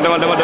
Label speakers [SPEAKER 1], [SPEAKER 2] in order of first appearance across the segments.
[SPEAKER 1] demal demal demal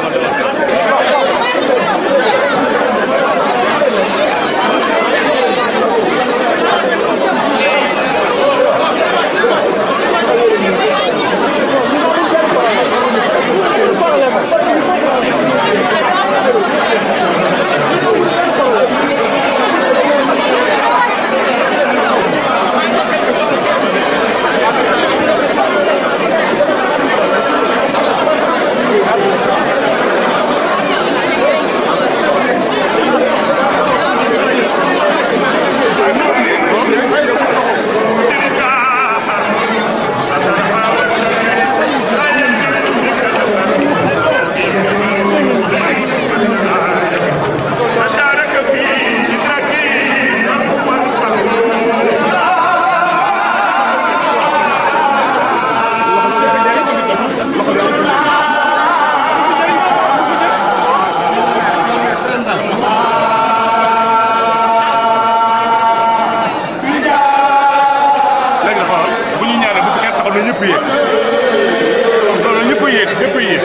[SPEAKER 1] na ñëpp yéeg. loolu ñëpp yéeg ñëpp yéeg.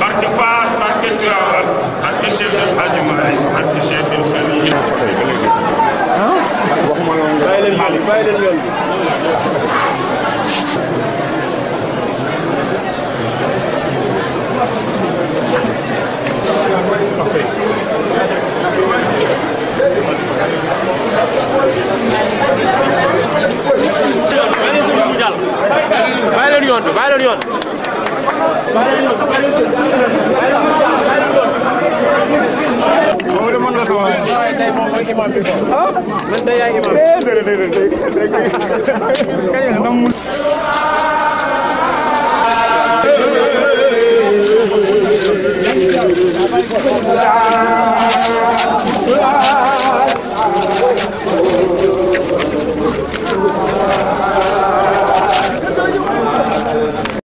[SPEAKER 1] barke Faas barke Tiwaawan barke Cheikh El Hadj Malick barke Cheikh ñu ngi foto yi ba léegi. ah waxuma la man de yaay imam